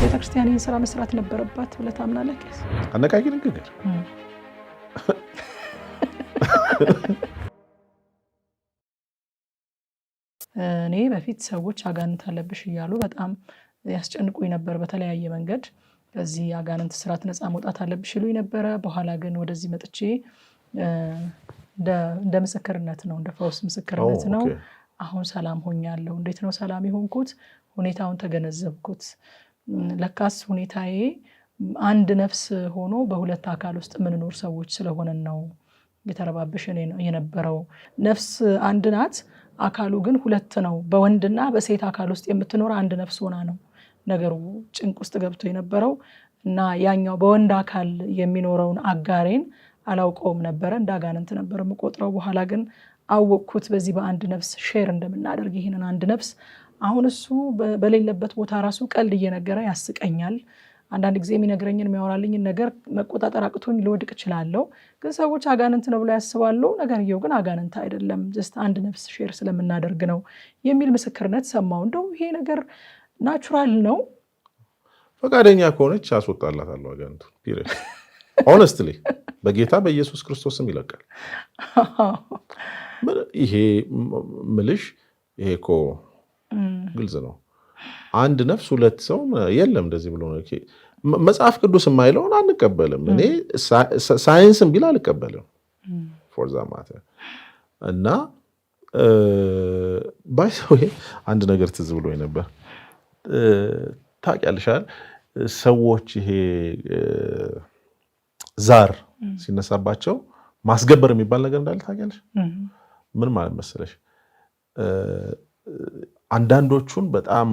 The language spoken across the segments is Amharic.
ቤተክርስቲያን ይህን ስራ መስራት ነበረባት ብለህ ታምናለህ? ቄስ አነቃቂ ንግግር እኔ በፊት ሰዎች አጋንንት አለብሽ እያሉ በጣም ያስጨንቁኝ ነበር በተለያየ መንገድ። ከዚህ አጋንንት ስርዓት ነፃ መውጣት አለብሽ ይሉኝ ነበረ። በኋላ ግን ወደዚህ መጥቼ እንደ ምስክርነት ነው፣ እንደ ፈውስ ምስክርነት ነው። አሁን ሰላም ሆኛለሁ። እንዴት ነው ሰላም የሆንኩት? ሁኔታውን ተገነዘብኩት። ለካስ ሁኔታዬ አንድ ነፍስ ሆኖ በሁለት አካል ውስጥ የምንኖር ሰዎች ስለሆነን ነው የተረባበሽን የነበረው። ነፍስ አንድ ናት፣ አካሉ ግን ሁለት ነው። በወንድና በሴት አካል ውስጥ የምትኖር አንድ ነፍስ ሆና ነው ነገሩ ጭንቅ ውስጥ ገብቶ የነበረው እና ያኛው በወንድ አካል የሚኖረውን አጋሬን አላውቀውም ነበረ። እንደ አጋንንት ነበር የምቆጥረው። በኋላ ግን አወቅኩት። በዚህ በአንድ ነፍስ ሼር እንደምናደርግ ይህንን አንድ ነፍስ አሁን እሱ በሌለበት ቦታ ራሱ ቀልድ እየነገረ ያስቀኛል። አንዳንድ ጊዜ የሚነግረኝን የሚያወራልኝን ነገር መቆጣጠር አቅቶኝ ልወድቅ እችላለሁ። ግን ሰዎች አጋንንት ነው ብለው ያስባሉ። ነገርየው ግን አጋንንት አይደለም፣ ጀስት አንድ ነፍስ ሼር ስለምናደርግ ነው የሚል ምስክርነት ሰማው እንደውም ይሄ ነገር ናቹራል ነው። ፈቃደኛ ከሆነች አስወጣላታለሁ አጋንንቱ። ሆነስትሊ በጌታ በኢየሱስ ክርስቶስም ይለቃል። ይሄ ምልሽ ይሄ እኮ ግልጽ ነው። አንድ ነፍስ ሁለት ሰው የለም። እንደዚህ ብሎ መጽሐፍ ቅዱስ የማይለውን አንቀበልም። እኔ ሳይንስም ቢል አልቀበልም ፎር ዛ ማተር እና ባይሰው አንድ ነገር ትዝ ብሎ ነበር። ታውቂያለሽ ሰዎች ይሄ ዛር ሲነሳባቸው ማስገበር የሚባል ነገር እንዳለ ታውቂያለሽ? ምን ማለት መሰለሽ አንዳንዶቹን በጣም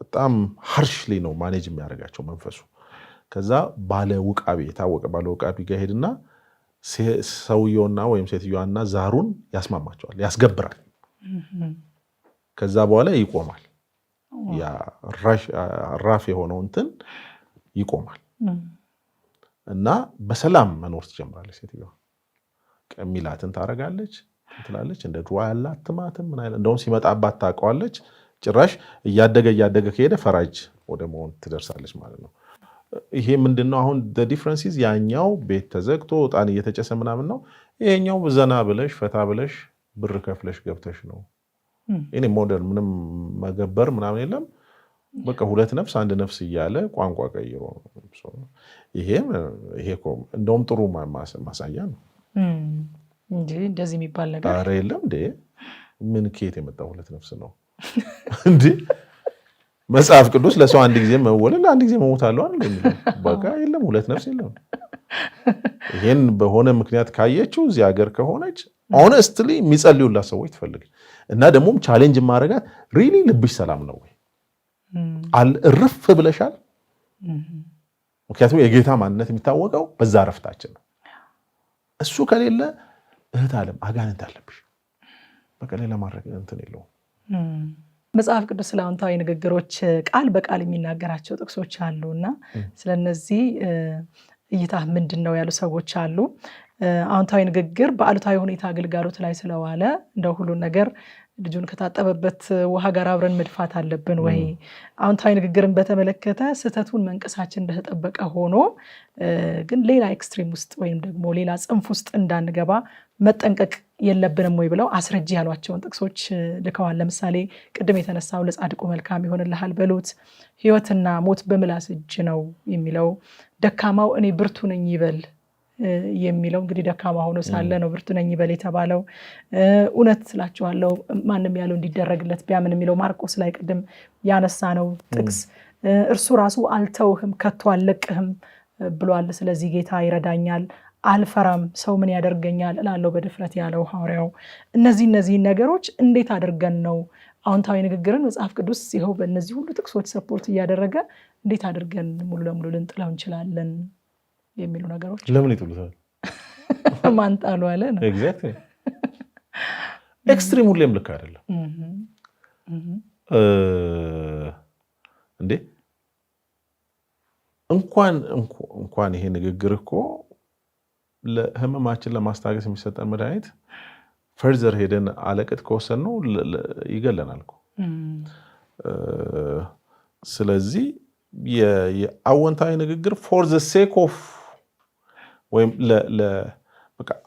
በጣም ሀርሽሊ ነው ማኔጅ የሚያደርጋቸው መንፈሱ። ከዛ ባለ ውቃቢ የታወቀ ባለ ውቃቢ ጋር ሄድና ሰውየውና ወይም ሴትዮዋና ዛሩን ያስማማቸዋል፣ ያስገብራል። ከዛ በኋላ ይቆማል። ራፍ የሆነው እንትን ይቆማል እና በሰላም መኖር ትጀምራለች። ሴትዮዋ ቀሚላትን ታደርጋለች። ትላለች። እንደ ድሮ ያለ አትማትም ምን እንደውም ሲመጣባት ታውቀዋለች። ጭራሽ እያደገ እያደገ ከሄደ ፈራጅ ወደ መሆን ትደርሳለች ማለት ነው። ይሄ ምንድነው አሁን ዲፍረንሲዝ ያኛው ቤት ተዘግቶ እጣን እየተጨሰ ምናምን ነው። ይሄኛው ዘና ብለሽ ፈታ ብለሽ ብር ከፍለሽ ገብተሽ ነው። እኔ ሞደርን ምንም መገበር ምናምን የለም። በቃ ሁለት ነፍስ አንድ ነፍስ እያለ ቋንቋ ቀይሮ ይሄ እንደውም ጥሩ ማሳያ ነው። እንደዚህ የሚባል ነገር ኧረ የለም እንዴ! ምን ከየት የመጣ ሁለት ነፍስ ነው እንዴ? መጽሐፍ ቅዱስ ለሰው አንድ ጊዜ መወለድ ለአንድ ጊዜ መሞት አለው አይደል? በቃ የለም ሁለት ነፍስ የለም። ይህን በሆነ ምክንያት ካየችው እዚህ ሀገር ከሆነች ኦነስትሊ የሚጸልዩላት ሰዎች ትፈልግ እና ደግሞም ቻሌንጅ ማድረጋት ሪሊ ልብሽ ሰላም ነው ወይ እርፍ ብለሻል? ምክንያቱም የጌታ ማንነት የሚታወቀው በዛ እረፍታችን ነው። እሱ ከሌለ እህት አለም አጋንንት አለብሽ። በቀሌ ለማድረግ እንትን የለውም። መጽሐፍ ቅዱስ ስለ አዎንታዊ ንግግሮች ቃል በቃል የሚናገራቸው ጥቅሶች አሉ እና ስለነዚህ እይታ ምንድን ነው ያሉ ሰዎች አሉ። አዎንታዊ ንግግር በአሉታዊ ሁኔታ አገልጋሎት ላይ ስለዋለ እንደ ሁሉን ነገር ልጁን ከታጠበበት ውሃ ጋር አብረን መድፋት አለብን ወይ? አዎንታዊ ንግግርን በተመለከተ ስህተቱን መንቀሳችን እንደተጠበቀ ሆኖ ግን ሌላ ኤክስትሪም ውስጥ ወይም ደግሞ ሌላ ጽንፍ ውስጥ እንዳንገባ መጠንቀቅ የለብንም ወይ ብለው አስረጅ ያሏቸውን ጥቅሶች ልከዋል። ለምሳሌ ቅድም የተነሳው ለጻድቁ መልካም ይሆንልሃል በሉት፣ ህይወትና ሞት በምላስ እጅ ነው የሚለው፣ ደካማው እኔ ብርቱ ነኝ ይበል የሚለው እንግዲህ ደካማ ሆኖ ሳለ ነው ብርቱ ነኝ በል የተባለው። እውነት ስላችኋለሁ ማንም ያለው እንዲደረግለት ቢያምን የሚለው ማርቆስ ላይ ቅድም ያነሳ ነው ጥቅስ እርሱ ራሱ አልተውህም ከቶ አልለቅህም ብሏል። ስለዚህ ጌታ ይረዳኛል አልፈራም፣ ሰው ምን ያደርገኛል እላለው በድፍረት ያለው ሐዋርያው። እነዚህ እነዚህን ነገሮች እንዴት አድርገን ነው አዎንታዊ ንግግርን መጽሐፍ ቅዱስ ይኸው በእነዚህ ሁሉ ጥቅሶች ሰፖርት እያደረገ እንዴት አድርገን ሙሉ ለሙሉ ልንጥለው እንችላለን? የሚሉ ነገሮች ለምን ይጥሉታል? ማንጣሉ አለ ነው። ኤክስትሪም ሁሌም ልክ አይደለም እንዴ። እንኳን እንኳን ይሄ ንግግር እኮ ለህመማችን ለማስታገስ የሚሰጠን መድኃኒት ፈርዘር ሄደን አለቅጥ ከወሰን ነው ይገለናል እኮ። ስለዚህ የአወንታዊ ንግግር ፎር ዘ ሴክ ኦፍ ወይም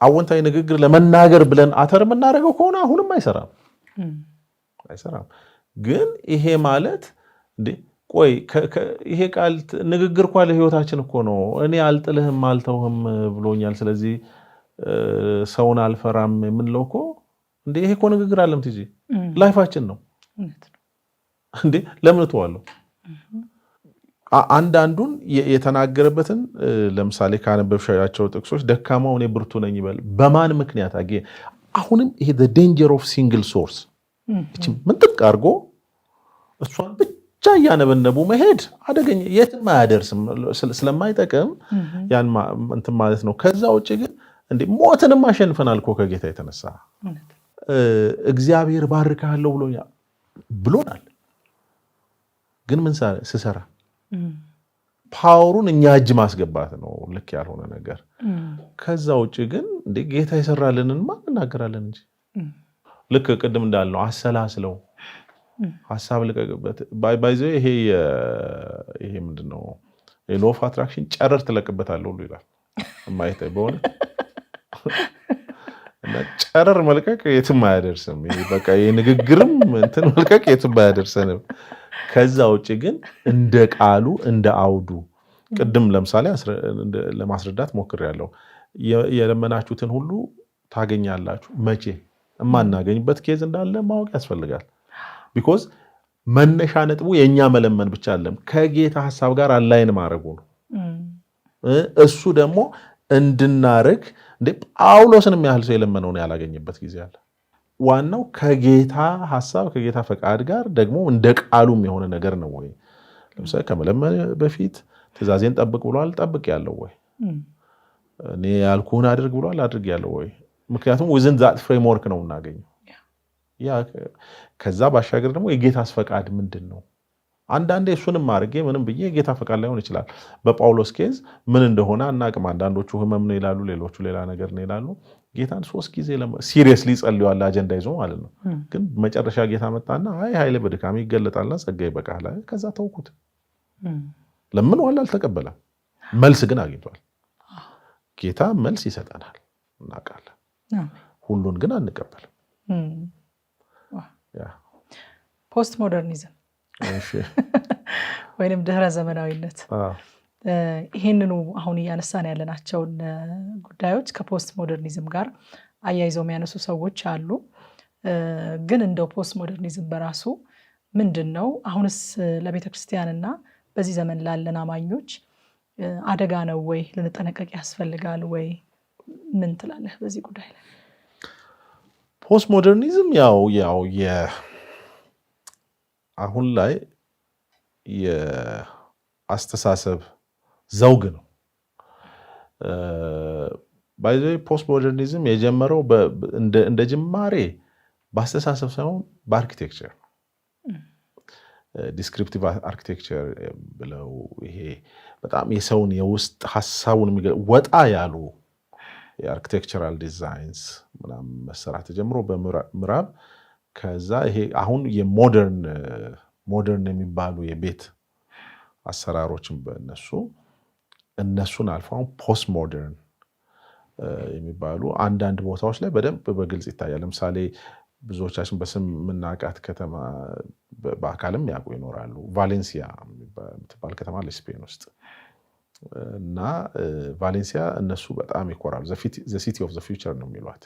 አወንታዊ ንግግር ለመናገር ብለን አተር የምናደርገው ከሆነ አሁንም አይሰራም አይሰራም። ግን ይሄ ማለት ቆይ ይሄ ቃል ንግግር እኳ ለህይወታችን እኮ ነው። እኔ አልጥልህም አልተውህም ብሎኛል፣ ስለዚህ ሰውን አልፈራም የምንለው እኮ እንዴ ይሄ እኮ ንግግር አለም ትጂ ላይፋችን ነው እንዴ ለምን እተዋለሁ? አንዳንዱን የተናገረበትን ለምሳሌ ካነበብሻቸው ጥቅሶች ደካማው እኔ ብርቱ ነኝ ይበል በማን ምክንያት አ አሁንም ይሄ ዴንጀር ኦፍ ሲንግል ሶርስ ምንጥቅ አድርጎ እሷን ብቻ እያነበነቡ መሄድ አደገኛ የትም አያደርስም ስለማይጠቅም ያን እንትን ማለት ነው። ከዛ ውጭ ግን እንደ ሞትንም አሸንፈናል እኮ ከጌታ የተነሳ እግዚአብሔር ባርካለሁ ብሎኛል ብሎናል። ግን ምን ስሰራ ፓወሩን እኛ እጅ ማስገባት ነው ልክ ያልሆነ ነገር። ከዛ ውጭ ግን እንደ ጌታ የሰራልንን ማ እናገራለን እንጂ ልክ ቅድም እንዳልነው አሰላስለው ሀሳብ ልቀቅበት ባይዘ ይሄ ይሄ ምንድን ነው ሎ ኦፍ አትራክሽን ጨረር ትለቅበታለህ ሁሉ ይላል ማየት በሆነ እና ጨረር መልቀቅ የትም አያደርስም። በቃ የንግግርም እንትን መልቀቅ የትም አያደርሰንም። ከዛ ውጭ ግን እንደ ቃሉ እንደ አውዱ ቅድም ለምሳሌ ለማስረዳት ሞክሬያለሁ። የለመናችሁትን ሁሉ ታገኛላችሁ። መቼ የማናገኝበት ኬዝ እንዳለ ማወቅ ያስፈልጋል። ቢኮዝ መነሻ ነጥቡ የእኛ መለመን ብቻ አለም ከጌታ ሀሳብ ጋር አላይን ማድረጉ ነው። እሱ ደግሞ እንድናርግ እንደ ጳውሎስንም ያህል ሰው የለመነውን ያላገኝበት ጊዜ አለ። ዋናው ከጌታ ሀሳብ ከጌታ ፈቃድ ጋር ደግሞ እንደ ቃሉም የሆነ ነገር ነው ወይ? ለምሳሌ ከመለመን በፊት ትእዛዜን ጠብቅ ብሏል፣ ጠብቅ ያለው ወይ? እኔ ያልኩህን አድርግ ብሏል፣ አድርግ ያለው ወይ? ምክንያቱም ዊዝን ዛት ፍሬምወርክ ነው እናገኘው። ያ ከዛ ባሻገር ደግሞ የጌታስ ፈቃድ ምንድን ነው? አንዳንዴ እሱንም አድርጌ ምንም ብዬ የጌታ ፈቃድ ላይሆን ይችላል። በጳውሎስ ኬዝ ምን እንደሆነ አናቅም። አንዳንዶቹ ህመም ነው ይላሉ፣ ሌሎቹ ሌላ ነገር ነው ይላሉ። ጌታን ሶስት ጊዜ ሲሪየስሊ ጸልዋል፣ አጀንዳ ይዞ ማለት ነው። ግን መጨረሻ ጌታ መጣና አይ ኃይል በድካም ይገለጣልና ጸጋ ይበቃል። ከዛ ተውኩት። ለምን ዋላ አልተቀበለም። መልስ ግን አግኝቷል። ጌታ መልስ ይሰጠናል፣ እናውቃለን። ሁሉን ግን አንቀበልም። ፖስት ሞደርኒዝም ወይም ድህረ ዘመናዊነት ይሄንኑ አሁን እያነሳን ያለናቸውን ጉዳዮች ከፖስት ሞደርኒዝም ጋር አያይዘው የሚያነሱ ሰዎች አሉ። ግን እንደው ፖስት ሞደርኒዝም በራሱ ምንድን ነው? አሁንስ ለቤተ ክርስቲያንና በዚህ ዘመን ላለን አማኞች አደጋ ነው ወይ? ልንጠነቀቅ ያስፈልጋል ወይ? ምን ትላለህ በዚህ ጉዳይ ላይ? ፖስት ሞደርኒዝም ያው ያው አሁን ላይ የአስተሳሰብ ዘውግ ነው። ባይዘ ፖስት ሞደርኒዝም የጀመረው እንደ ጅማሬ በአስተሳሰብ ሳይሆን በአርኪቴክቸር ነው። ዲስክሪፕቲቭ አርኪቴክቸር ብለው ይሄ በጣም የሰውን የውስጥ ሀሳቡን ወጣ ያሉ የአርኪቴክቸራል ዲዛይንስ ምናምን መሰራት ተጀምሮ በምዕራብ ከዛ ይሄ አሁን የሞደርን ሞደርን የሚባሉ የቤት አሰራሮችን በእነሱ እነሱን አልፎ አሁን ፖስት ሞደርን የሚባሉ አንዳንድ ቦታዎች ላይ በደንብ በግልጽ ይታያል። ለምሳሌ ብዙዎቻችን በስም የምናውቃት ከተማ በአካልም ያውቁ ይኖራሉ። ቫሌንሲያ የምትባል ከተማ ለስፔን ውስጥ እና ቫሌንሲያ እነሱ በጣም ይኮራሉ። ሲቲ ኦፍ ዘ ፊውቸር ነው የሚሏት።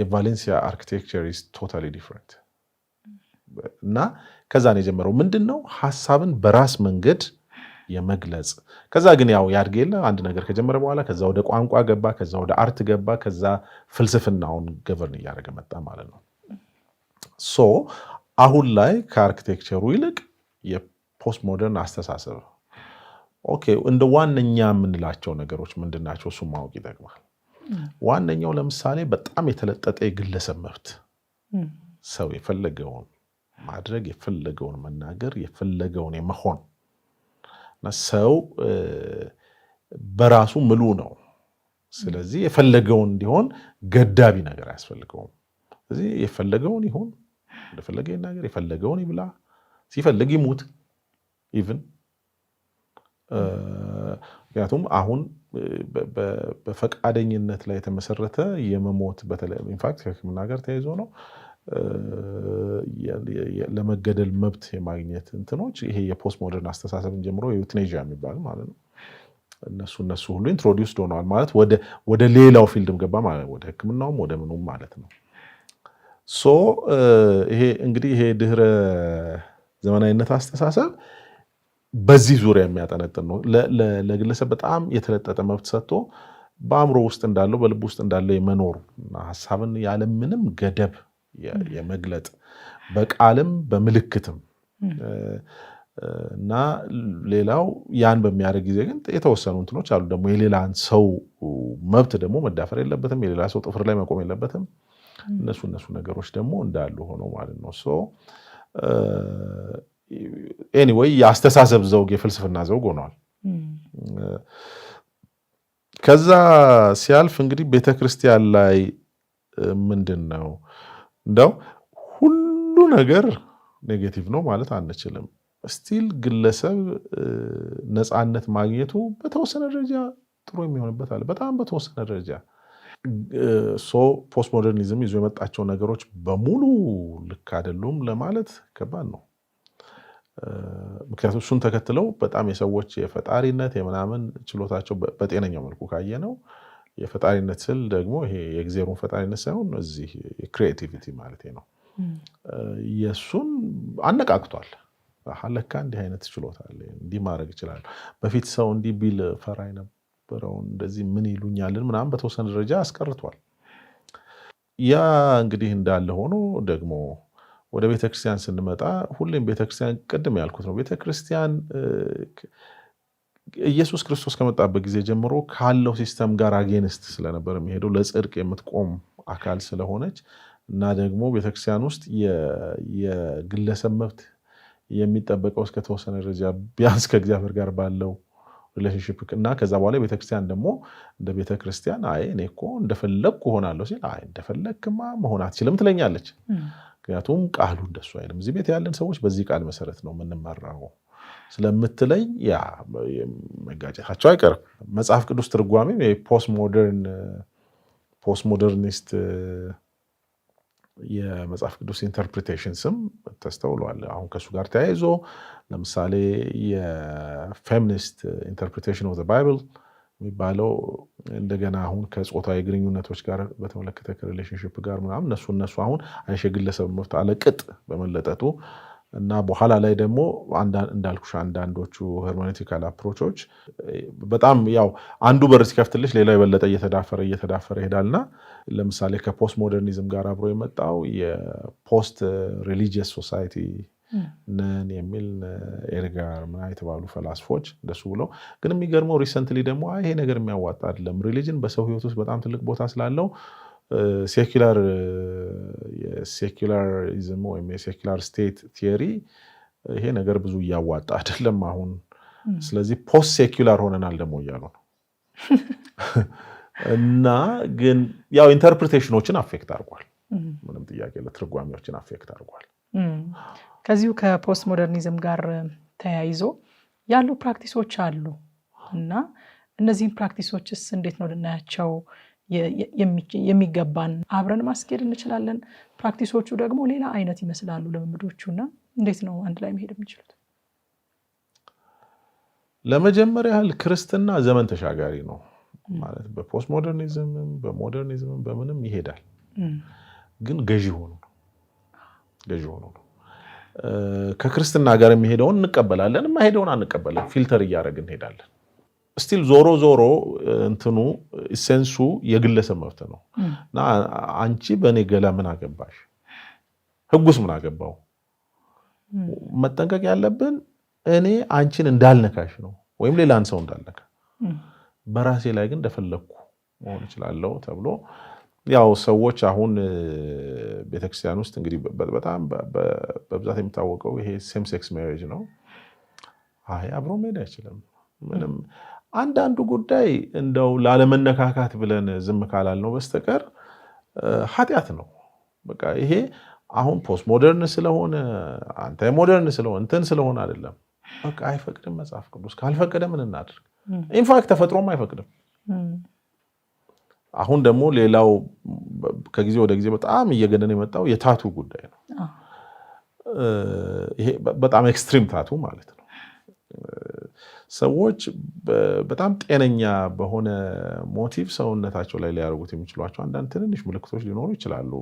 የቫሌንሲያ አርኪቴክቸር ኢዝ ቶታሊ ዲፍረንት እና ከዛን የጀመረው ምንድን ነው ሀሳብን በራስ መንገድ የመግለጽ ከዛ ግን ያው ያድግ የለ አንድ ነገር ከጀመረ በኋላ ከዛ ወደ ቋንቋ ገባ፣ ከዛ ወደ አርት ገባ፣ ከዛ ፍልስፍናውን ገቨርን እያደረገ መጣ ማለት ነው። ሶ አሁን ላይ ከአርክቴክቸሩ ይልቅ የፖስት ሞደርን አስተሳሰብ ኦኬ፣ እንደ ዋነኛ የምንላቸው ነገሮች ምንድን ናቸው? እሱ ማወቅ ይጠቅማል። ዋነኛው ለምሳሌ በጣም የተለጠጠ የግለሰብ መብት ሰው የፈለገውን ማድረግ የፈለገውን መናገር የፈለገውን የመሆን እና ሰው በራሱ ምሉ ነው። ስለዚህ የፈለገውን እንዲሆን ገዳቢ ነገር አያስፈልገውም። ስለዚህ የፈለገውን ይሁን፣ እንደፈለገ ይናገር፣ የፈለገውን ይብላ፣ ሲፈልግ ይሙት ኢቭን ምክንያቱም አሁን በፈቃደኝነት ላይ የተመሰረተ የመሞት በተለይ ኢንፋክት ከህክምና ጋር ተያይዞ ነው ለመገደል መብት የማግኘት እንትኖች ይሄ የፖስት ሞደርን አስተሳሰብን ጀምሮ ዩትኔዣ የሚባል ማለት ነው። እነሱ እነሱ ሁሉ ኢንትሮዲውስድ ሆነዋል ማለት ወደ ሌላው ፊልድም ገባ ማለት ወደ ሕክምናውም ወደ ምኑም ማለት ነው። ሶ ይሄ እንግዲህ ይሄ ድህረ ዘመናዊነት አስተሳሰብ በዚህ ዙሪያ የሚያጠነጥን ነው። ለግለሰብ በጣም የተለጠጠ መብት ሰጥቶ በአእምሮ ውስጥ እንዳለው በልብ ውስጥ እንዳለው የመኖር ሀሳብን ያለምንም ገደብ የመግለጥ በቃልም በምልክትም እና ሌላው ያን በሚያደርግ ጊዜ ግን የተወሰኑ እንትኖች አሉ። ደግሞ የሌላን ሰው መብት ደግሞ መዳፈር የለበትም። የሌላ ሰው ጥፍር ላይ መቆም የለበትም። እነሱ እነሱ ነገሮች ደግሞ እንዳሉ ሆኖ ማለት ነው። ሶ ኤኒዌይ የአስተሳሰብ ዘውግ የፍልስፍና ዘውግ ሆኗል። ከዛ ሲያልፍ እንግዲህ ቤተክርስቲያን ላይ ምንድን ነው እንደው ሁሉ ነገር ኔጌቲቭ ነው ማለት አንችልም። ስቲል ግለሰብ ነፃነት ማግኘቱ በተወሰነ ደረጃ ጥሩ የሚሆንበት አለ። በጣም በተወሰነ ደረጃ ሶ ፖስት ሞደርኒዝም ይዞ የመጣቸው ነገሮች በሙሉ ልክ አይደሉም ለማለት ከባድ ነው። ምክንያቱም እሱን ተከትለው በጣም የሰዎች የፈጣሪነት የምናምን ችሎታቸው በጤነኛው መልኩ ካየ ነው የፈጣሪነት ስል ደግሞ ይሄ የእግዜሩን ፈጣሪነት ሳይሆን እዚህ ክሪኤቲቪቲ ማለት ነው። የእሱን አነቃቅቷል። ለካ እንዲህ አይነት ችሎታ አለ፣ እንዲህ ማድረግ ይችላል። በፊት ሰው እንዲህ ቢል ፈራ የነበረውን እንደዚህ ምን ይሉኛልን ምናምን በተወሰነ ደረጃ አስቀርቷል። ያ እንግዲህ እንዳለ ሆኖ ደግሞ ወደ ቤተክርስቲያን ስንመጣ ሁሌም ቤተክርስቲያን ቅድም ያልኩት ነው ቤተክርስቲያን ኢየሱስ ክርስቶስ ከመጣበት ጊዜ ጀምሮ ካለው ሲስተም ጋር አጌንስት ስለነበር የሚሄደው ለጽድቅ የምትቆም አካል ስለሆነች እና ደግሞ ቤተክርስቲያን ውስጥ የግለሰብ መብት የሚጠበቀው እስከተወሰነ ደረጃ ቢያንስ ከእግዚአብሔር ጋር ባለው ሪሌሽንሽፕ እና ከዛ በኋላ ቤተክርስቲያን ደግሞ እንደ ቤተክርስቲያን አይ እኔ እኮ እንደፈለግኩ እሆናለሁ ሲል አይ እንደፈለግክማ መሆን አትችልም ትለኛለች። ምክንያቱም ቃሉ እንደሱ አይልም። እዚህ ቤት ያለን ሰዎች በዚህ ቃል መሰረት ነው የምንመራው። ስለምትለይ ያ መጋጨታቸው አይቀርም። መጽሐፍ ቅዱስ ትርጓሜ የፖስት ሞደርን ፖስት ሞደርኒስት የመጽሐፍ ቅዱስ ኢንተርፕሪቴሽን ስም ተስተውሏል። አሁን ከእሱ ጋር ተያይዞ ለምሳሌ የፌሚኒስት ኢንተርፕሪቴሽን ኦፍ ባይብል የሚባለው እንደገና አሁን ከጾታዊ ግንኙነቶች ጋር በተመለከተ ከሪሌሽንሽፕ ጋር ምናምን እነሱ እነሱ አሁን አይሸ ግለሰብ መብት አለቅጥ በመለጠጡ እና በኋላ ላይ ደግሞ እንዳልኩሽ አንዳንዶቹ ሄርሜኔቲካል አፕሮቾች በጣም ያው አንዱ በር ሲከፍትልሽ ሌላው የበለጠ እየተዳፈረ እየተዳፈረ ይሄዳልና ለምሳሌ ከፖስት ሞደርኒዝም ጋር አብሮ የመጣው የፖስት ሪሊጂየስ ሶሳይቲ ነን የሚል ኤድጋር ምናምን የተባሉ ፈላስፎች እንደሱ ብለው ግን የሚገርመው ሪሰንትሊ ደግሞ ይሄ ነገር የሚያዋጣ አይደለም ሪሊጅን በሰው ህይወት ውስጥ በጣም ትልቅ ቦታ ስላለው ሴኪላር ሴኩላሪዝም ወይም የሴኩላር ስቴት ቲዮሪ ይሄ ነገር ብዙ እያዋጣ አይደለም አሁን። ስለዚህ ፖስት ሴኩላር ሆነናል ደግሞ እያሉ ነው። እና ግን ያው ኢንተርፕሬቴሽኖችን አፌክት አድርጓል፣ ምንም ጥያቄ ለትርጓሚዎችን አፌክት አድርጓል። ከዚሁ ከፖስት ሞደርኒዝም ጋር ተያይዞ ያሉ ፕራክቲሶች አሉ እና እነዚህን ፕራክቲሶችስ እንዴት ነው ልናያቸው የሚገባን አብረን ማስኬድ እንችላለን። ፕራክቲሶቹ ደግሞ ሌላ አይነት ይመስላሉ ልምምዶቹ። እና እንዴት ነው አንድ ላይ መሄድ የሚችሉት? ለመጀመሪያ ያህል ክርስትና ዘመን ተሻጋሪ ነው ማለት በፖስት ሞደርኒዝምም በሞደርኒዝምም በምንም ይሄዳል። ግን ገዢ ሆኖ ገዢ ሆኖ ነው ከክርስትና ጋር የሚሄደውን እንቀበላለን፣ የማይሄደውን አንቀበለን። ፊልተር እያደረግን እንሄዳለን። ስቲል ዞሮ ዞሮ እንትኑ ሴንሱ የግለሰብ መብት ነው እና አንቺ በእኔ ገላ ምን አገባሽ? ህጉስ ምን አገባው? መጠንቀቅ ያለብን እኔ አንቺን እንዳልነካሽ ነው ወይም ሌላን ሰው እንዳልነካ። በራሴ ላይ ግን እንደፈለግኩ መሆን እችላለሁ ተብሎ ያው ሰዎች አሁን ቤተክርስቲያን ውስጥ እንግዲህ በጣም በብዛት የሚታወቀው ይሄ ሴም ሴክስ ሜሬጅ ነው። አይ አብሮ መሄድ አይችልም ምንም አንዳንዱ ጉዳይ እንደው ላለመነካካት ብለን ዝም ካላልነው በስተቀር ኃጢአት ነው። በቃ ይሄ አሁን ፖስት ሞደርን ስለሆነ አንተ ሞደርን ስለሆነ እንትን ስለሆነ አይደለም። በቃ አይፈቅድም መጽሐፍ ቅዱስ። ካልፈቀደ ምን እናድርግ? ኢንፋክት ተፈጥሮም አይፈቅድም። አሁን ደግሞ ሌላው ከጊዜ ወደ ጊዜ በጣም እየገነን የመጣው የታቱ ጉዳይ ነው። ይሄ በጣም ኤክስትሪም ታቱ ማለት ነው። ሰዎች በጣም ጤነኛ በሆነ ሞቲቭ ሰውነታቸው ላይ ሊያደርጉት የሚችሏቸው አንዳንድ ትንንሽ ምልክቶች ሊኖሩ ይችላሉ።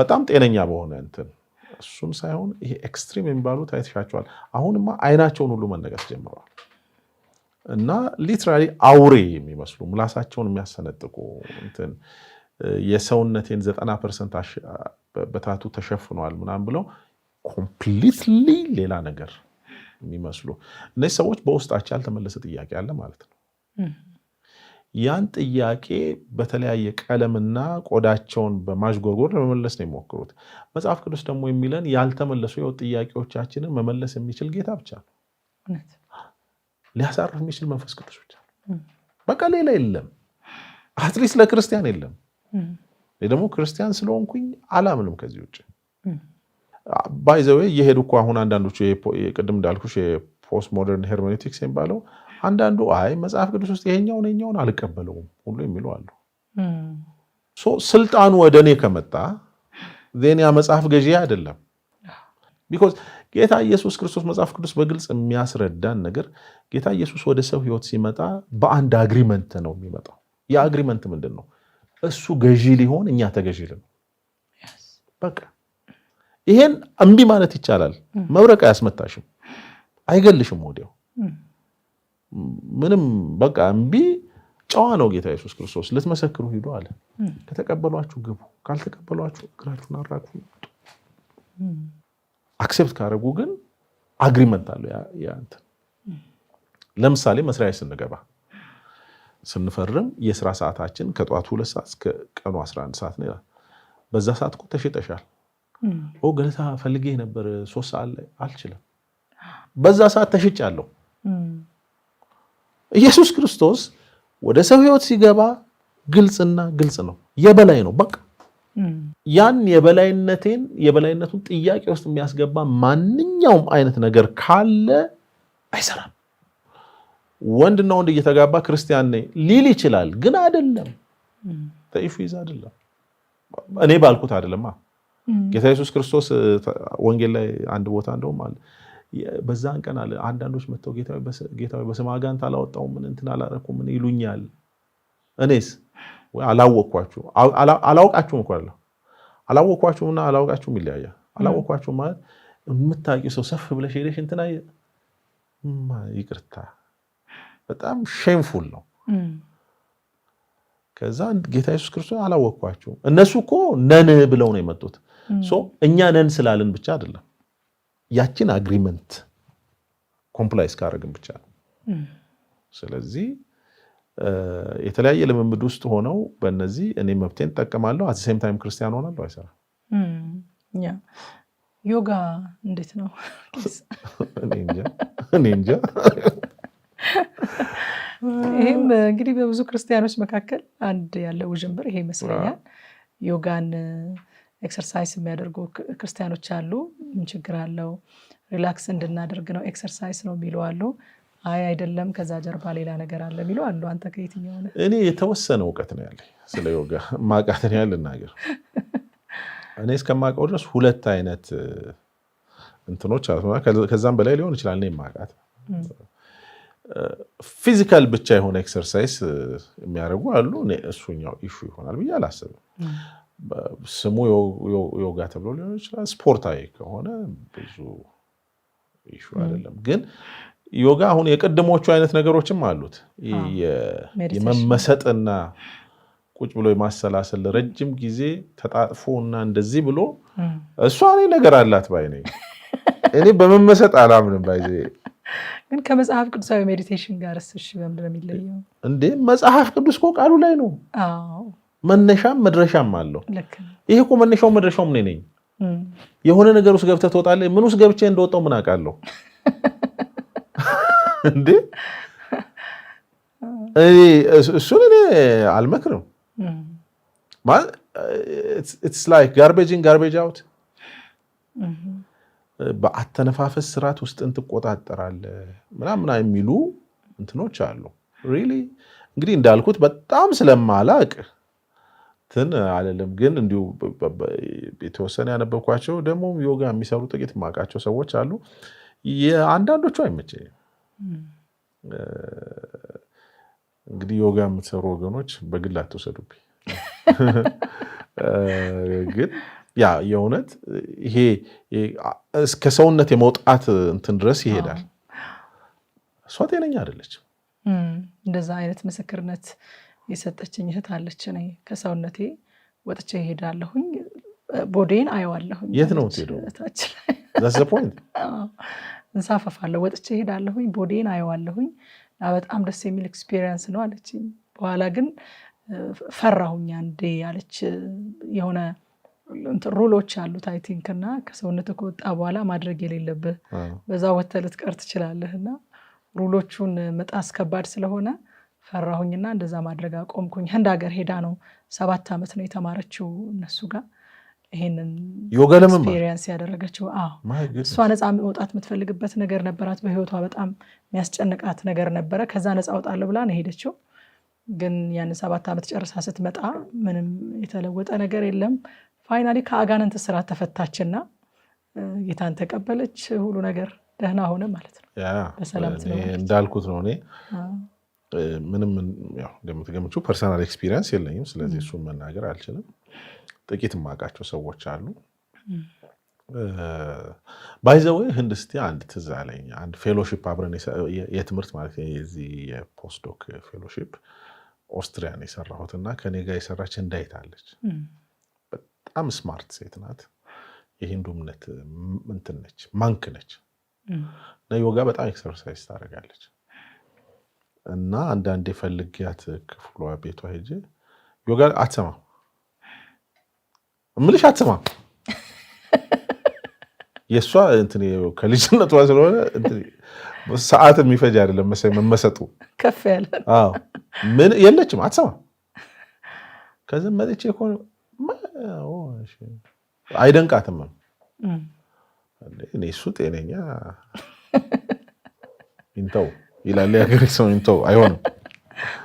በጣም ጤነኛ በሆነ እንትን እሱም ሳይሆን ይሄ ኤክስትሪም የሚባሉት አይተሻቸዋል። አሁንማ አይናቸውን ሁሉ መነቀስ ጀምረዋል እና ሊትራሊ አውሬ የሚመስሉ ምላሳቸውን የሚያሰነጥቁ እንትን የሰውነቴን ዘጠና ፐርሰንት በታቱ ተሸፍኗል ምናምን ብለው ኮምፕሊትሊ ሌላ ነገር የሚመስሉ እነዚህ ሰዎች በውስጣቸው ያልተመለሰ ጥያቄ አለ ማለት ነው። ያን ጥያቄ በተለያየ ቀለምና ቆዳቸውን በማዥጎርጎር ለመመለስ ነው የሚሞክሩት። መጽሐፍ ቅዱስ ደግሞ የሚለን ያልተመለሱ የወጥ ጥያቄዎቻችንን መመለስ የሚችል ጌታ ብቻ ነው። ሊያሳርፍ የሚችል መንፈስ ቅዱስ ብቻ ነው። በቃ ሌላ የለም። አትሊስት ለክርስቲያን የለም። ደግሞ ክርስቲያን ስለሆንኩኝ አላምንም ከዚህ ውጭ ባይዘዌ እየሄዱ እኮ አሁን አንዳንዶቹ ቅድም እንዳልኩሽ የፖስት ሞደርን ሄርሜኔቲክስ የሚባለው አንዳንዱ አይ መጽሐፍ ቅዱስ ውስጥ ይሄኛውን ይሄኛውን አልቀበለውም ሁሉ የሚሉ አሉ። ስልጣኑ ወደ እኔ ከመጣ ዜኒያ መጽሐፍ ገዢ አይደለም። ቢኮዝ ጌታ ኢየሱስ ክርስቶስ መጽሐፍ ቅዱስ በግልጽ የሚያስረዳን ነገር ጌታ ኢየሱስ ወደ ሰው ህይወት ሲመጣ በአንድ አግሪመንት ነው የሚመጣው። የአግሪመንት ምንድን ነው? እሱ ገዢ ሊሆን እኛ ተገዢ ልነው በቃ ይሄን እምቢ ማለት ይቻላል። መብረቅ አያስመታሽም፣ አይገልሽም። ወዲያው ምንም በቃ እምቢ ጨዋ ነው ጌታ ኢየሱስ ክርስቶስ። ልትመሰክሩ ሂዱ አለ። ከተቀበሏችሁ ግቡ፣ ካልተቀበሏችሁ እግራችሁን አራግፉ። አክሴፕት ካደረጉ ግን አግሪመንት አለው። እንትን ለምሳሌ መስሪያ ስንገባ ስንፈርም የስራ ሰዓታችን ከጠዋቱ ሁለት ሰዓት እስከ ቀኑ 11 ሰዓት ነው ይላል። በዛ ሰዓት እኮ ተሽጠሻል ገለታ ፈልጌ ነበር ሶስት ሰዓት ላይ አልችልም። በዛ ሰዓት ተሽጫለሁ። ኢየሱስ ክርስቶስ ወደ ሰው ህይወት ሲገባ ግልጽና ግልጽ ነው። የበላይ ነው። በቃ ያን የበላይነቴን የበላይነቱን ጥያቄ ውስጥ የሚያስገባ ማንኛውም አይነት ነገር ካለ አይሰራም። ወንድና ወንድ እየተጋባ ክርስቲያን ነኝ ሊል ይችላል፣ ግን አይደለም። ተይፉ ይዛ አይደለም እኔ ባልኩት አይደለም ጌታ ኢየሱስ ክርስቶስ ወንጌል ላይ አንድ ቦታ እንደውም አለ በዛን ቀን አለ አንዳንዶች መጥተው ጌታ በስመ አጋንንት አላወጣሁም ምን እንትን አላረኩም ምን ይሉኛል። እኔስ አላወቅኳችሁ አላውቃችሁም እኮ አለሁ እና አላውቃችሁም ይለያያል። አላወቅኳችሁም ማለት የምታውቂው ሰው ሰፍ ብለሽ ሄደሽ እንትና ይቅርታ፣ በጣም ሼምፉል ነው። ከዛ ጌታ ኢየሱስ ክርስቶስ አላወቅኳችሁም። እነሱ እኮ ነን ብለው ነው የመጡት እኛ ነን ስላልን ብቻ አይደለም። ያችን አግሪመንት ኮምፕላይስ ካደረግን ብቻ ነው። ስለዚህ የተለያየ ልምምድ ውስጥ ሆነው በእነዚህ እኔ መብቴን እጠቀማለሁ፣ አት ሴም ታይም ክርስቲያን ሆናለሁ አይሰራ። ዮጋ እንዴት ነው? እኔ እንጃ። ይህም እንግዲህ በብዙ ክርስቲያኖች መካከል አንድ ያለ ውዥንብር ይሄ ይመስለኛል ዮጋን ኤክሰርሳይዝ የሚያደርጉ ክርስቲያኖች አሉ። ምን ችግር አለው? ሪላክስ እንድናደርግ ነው ኤክሰርሳይዝ ነው የሚሉ አሉ። አይ አይደለም፣ ከዛ ጀርባ ሌላ ነገር አለ የሚሉ አሉ። አንተ ከየትኛው ነህ? እኔ የተወሰነ እውቀት ነው ያለኝ ስለ ዮጋ ማቃትን ያህል ልናገር። እኔ እስከማውቀው ድረስ ሁለት አይነት እንትኖች ከዛም በላይ ሊሆን ይችላል። እኔ ማቃት ፊዚካል ብቻ የሆነ ኤክሰርሳይዝ የሚያደርጉ አሉ። እሱኛው ኢሹ ይሆናል ብዬ አላስብም። ስሙ ዮጋ ተብሎ ሊሆን ይችላል። ስፖርታዊ ከሆነ ብዙ ሹ አይደለም። ግን ዮጋ አሁን የቅድሞቹ አይነት ነገሮችም አሉት። የመመሰጥና ቁጭ ብሎ የማሰላሰል ረጅም ጊዜ ተጣጥፎ እና እንደዚህ ብሎ እሷ እኔ ነገር አላት ባይ ነኝ። እኔ በመመሰጥ አላምንም ባይ ግን ከመጽሐፍ ቅዱሳዊ ሜዲቴሽን ጋር እሺ በምንድን ነው የሚለየው እንዴ? መጽሐፍ ቅዱስ እኮ ቃሉ ላይ ነው መነሻም መድረሻም አለው። ይሄ እኮ መነሻው መድረሻውም እኔ ነኝ። የሆነ ነገር ውስጥ ገብተህ ትወጣለህ። ምን ውስጥ ገብቼ እንደወጣው ምን አውቃለሁ እንዴ? እሱን እኔ አልመክርም። ኢትስ ላይክ ጋርቤጅ ኢን ጋርቤጅ አውት። በአተነፋፈስ ስርዓት ውስጥን ትቆጣጠራለህ ምናምን የሚሉ እንትኖች አሉ። ሪሊ እንግዲህ እንዳልኩት በጣም ስለማላቅ እንትን አለልም ግን እንዲሁ የተወሰነ ያነበብኳቸው ደግሞ ዮጋ የሚሰሩ ጥቂት የማውቃቸው ሰዎች አሉ። አንዳንዶቹ አይመቸኝም። እንግዲህ ዮጋ የምትሰሩ ወገኖች በግል አትወሰዱብኝ። ግን ያ የእውነት ይሄ እስከ ሰውነት የመውጣት እንትን ድረስ ይሄዳል። እሷ ጤነኛ አይደለችም። እንደዛ አይነት ምስክርነት የሰጠችኝ እህት አለች። እኔ ከሰውነቴ ወጥቼ ይሄዳለሁኝ፣ ቦዴን አየዋለሁኝ። የት ነው እንሳፈፋለሁ፣ ወጥቼ ይሄዳለሁኝ፣ ቦዴን አየዋለሁኝ። በጣም ደስ የሚል ኤክስፔሪየንስ ነው አለችኝ። በኋላ ግን ፈራሁኝ አንዴ አለች። የሆነ ሩሎች አሉት አይ ቲንክ እና ከሰውነት ከወጣ በኋላ ማድረግ የሌለብህ በዛ ወተህ ልትቀር ትችላለህ እና ሩሎቹን መጣስ ከባድ ስለሆነ ፈራሁኝና እንደዛ ማድረግ አቆምኩኝ። ህንድ ሀገር ሄዳ ነው ሰባት ዓመት ነው የተማረችው እነሱ ጋር ይሄንን ኤክስፔሪየንስ ያደረገችው። አዎ እሷ ነፃ መውጣት የምትፈልግበት ነገር ነበራት። በህይወቷ በጣም የሚያስጨንቃት ነገር ነበረ። ከዛ ነፃ ወጣለሁ ብላ ነው ሄደችው። ግን ያን ሰባት ዓመት ጨርሳ ስትመጣ ምንም የተለወጠ ነገር የለም። ፋይናሊ ከአጋንንት ስራት ተፈታችና ጌታን ተቀበለች። ሁሉ ነገር ደህና ሆነ ማለት ነው። በሰላም እንዳልኩት ነው እኔ ምንም እንደምትገምቹ ፐርሰናል ኤክስፒሪንስ የለኝም። ስለዚህ እሱን መናገር አልችልም። ጥቂት የማውቃቸው ሰዎች አሉ። ባይዘወይ ህንድ ስቲ አንድ ትዝ አለኝ። አንድ ፌሎሺፕ አብረን የትምህርት ማለት የዚህ የፖስትዶክ ፌሎሺፕ ኦስትሪያን የሰራሁት እና ከኔ ጋር የሰራች እንዳይት አለች። በጣም ስማርት ሴት ናት። የሂንዱ እምነት ምንትን ነች፣ ማንክ ነች እና ዮጋ በጣም ኤክሰርሳይዝ ታደርጋለች። እና አንዳንዴ ፈልጊያት ክፍሏ ቤቷ ሄጄ ዮጋ አትሰማም እምልሽ አትሰማም። የእሷ ከልጅነቷ ስለሆነ ሰዓት የሚፈጅ አይደለም መሰለኝ መመሰጡ ከፍ ያለ ምን የለችም አትሰማ ከዚህ መጥቼ ከሆነ አይደንቃትም። እኔ እሱ ጤነኛ ይንተው il allait agresser un taux.